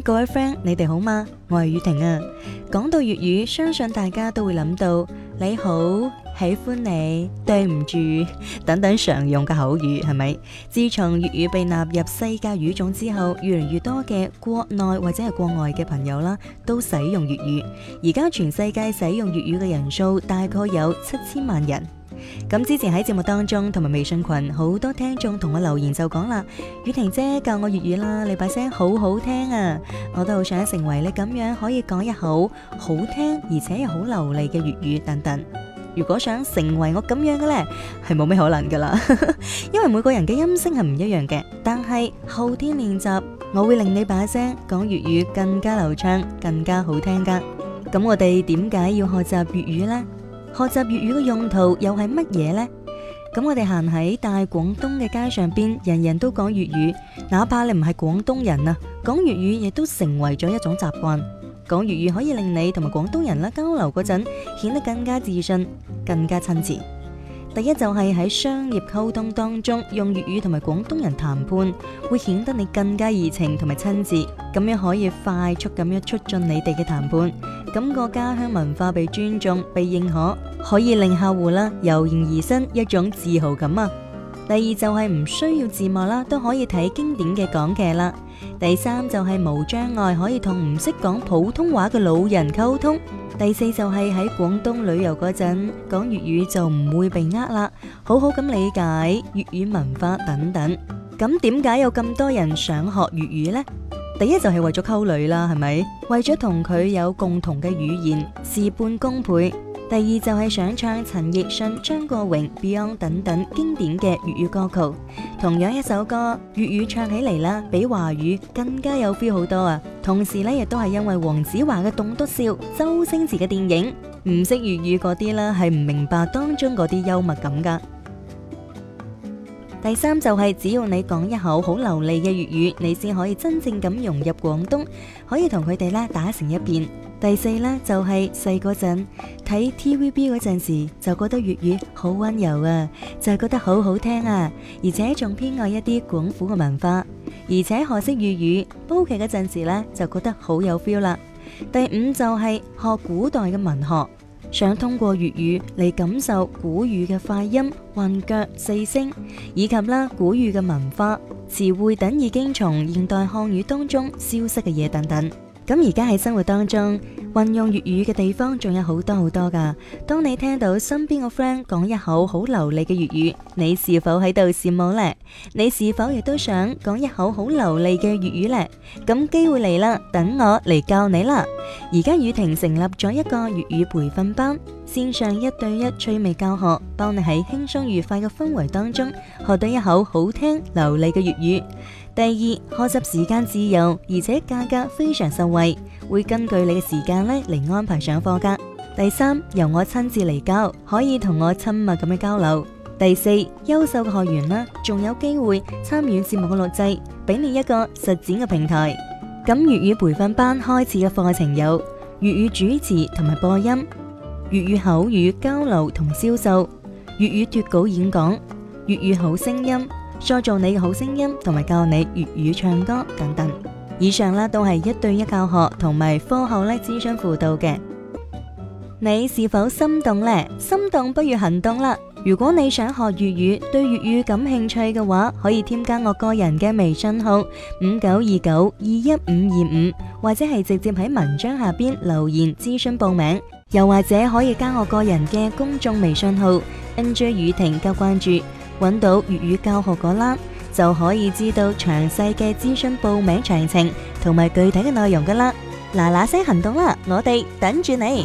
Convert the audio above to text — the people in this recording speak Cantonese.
各位 friend，你哋好嗎？我係宇婷啊。講到粵語，相信大家都會諗到你好。喜歡你，對唔住，等等常用嘅口語係咪？自從粵語被納入世界語種之後，越嚟越多嘅國內或者係國外嘅朋友啦，都使用粵語。而家全世界使用粵語嘅人數大概有七千萬人。咁之前喺節目當中同埋微信群，好多聽眾同我留言就講啦：宇婷姐教我粵語啦，你把聲好好聽啊！我都好想成為你咁樣，可以講一口好聽而且又好流利嘅粵語等等。如果想成為我咁樣嘅呢，係冇咩可能噶啦， 因為每個人嘅音聲係唔一樣嘅。但係後天練習，我會令你把聲講粵語更加流暢，更加好聽噶。咁我哋點解要學習粵語呢？學習粵語嘅用途又係乜嘢呢？咁我哋行喺大廣東嘅街上邊，人人都講粵語，哪怕你唔係廣東人啊，講粵語亦都成為咗一種習慣。講粵語可以令你同埋廣東人啦交流嗰陣，顯得更加自信、更加親切。第一就係喺商業溝通當中，用粵語同埋廣東人談判，會顯得你更加熱情同埋親切，咁樣可以快速咁樣促進你哋嘅談判，感覺家鄉文化被尊重、被認可，可以令客戶啦油然而生一種自豪感啊！第二就係唔需要字幕啦，都可以睇經典嘅港劇啦。第三就係無障礙可以同唔識講普通話嘅老人溝通。第四就係喺廣東旅遊嗰陣講粵語就唔會被呃啦，好好咁理解粵語文化等等。咁點解有咁多人想學粵語呢？第一就係為咗溝女啦，係咪？為咗同佢有共同嘅語言，事半功倍。第二就係想唱陳奕迅、張國榮、Beyond 等等經典嘅粵語歌曲，同樣一首歌，粵語唱起嚟啦，比華語更加有 feel 好多啊！同時咧，亦都係因為黃子華嘅棟篤笑、周星馳嘅電影，唔識粵語嗰啲啦，係唔明白當中嗰啲幽默感噶。第三就係只要你講一口好流利嘅粵語，你先可以真正咁融入廣東，可以同佢哋咧打成一片。第四呢，就係細嗰陣睇 TVB 嗰陣時就覺得粵語好溫柔啊，就係覺得好好聽啊，而且仲偏愛一啲廣府嘅文化，而且學識粵語煲劇嗰陣時呢，就覺得好有 feel 啦。第五就係學古代嘅文學，想通過粵語嚟感受古語嘅快音、韻腳、四聲，以及啦古語嘅文化、詞彙等已經從現代漢語當中消失嘅嘢等等。咁而家喺生活當中運用粵語嘅地方仲有好多好多噶。當你聽到身邊個 friend 講一口好流利嘅粵語，你是否喺度羨慕呢？你是否亦都想講一口好流利嘅粵語呢？咁機會嚟啦，等我嚟教你啦。而家宇婷成立咗一個粵語培訓班。線上一對一趣味教學，幫你喺輕鬆愉快嘅氛圍當中，學到一口好聽流利嘅粵語。第二，學習時間自由，而且價格非常實惠，會根據你嘅時間咧嚟安排上課格。第三，由我親自嚟教，可以同我親密咁樣交流。第四，優秀嘅學員啦，仲有機會參與節目嘅錄製，俾你一個實踐嘅平台。咁粵語培訓班開始嘅課程有粵語主持同埋播音。粵語口語交流同銷售，粵語脫稿演講，粵語好聲音，塑造你嘅好聲音，同埋教你粵語唱歌等等。以上啦，都係一對一教學同埋課後呢諮詢輔導嘅。你是否心動呢？心動不如行動啦！如果你想學粵語，對粵語感興趣嘅話，可以添加我個人嘅微信號五九二九二一五二五，或者係直接喺文章下邊留言諮詢報名。又或者可以加我個人嘅公眾微信號 N J 宇婷，加關注，揾到粵語教學嗰欄，就可以知道詳細嘅資訊、報名詳情同埋具體嘅內容噶啦。嗱嗱聲行動啦，我哋等住你。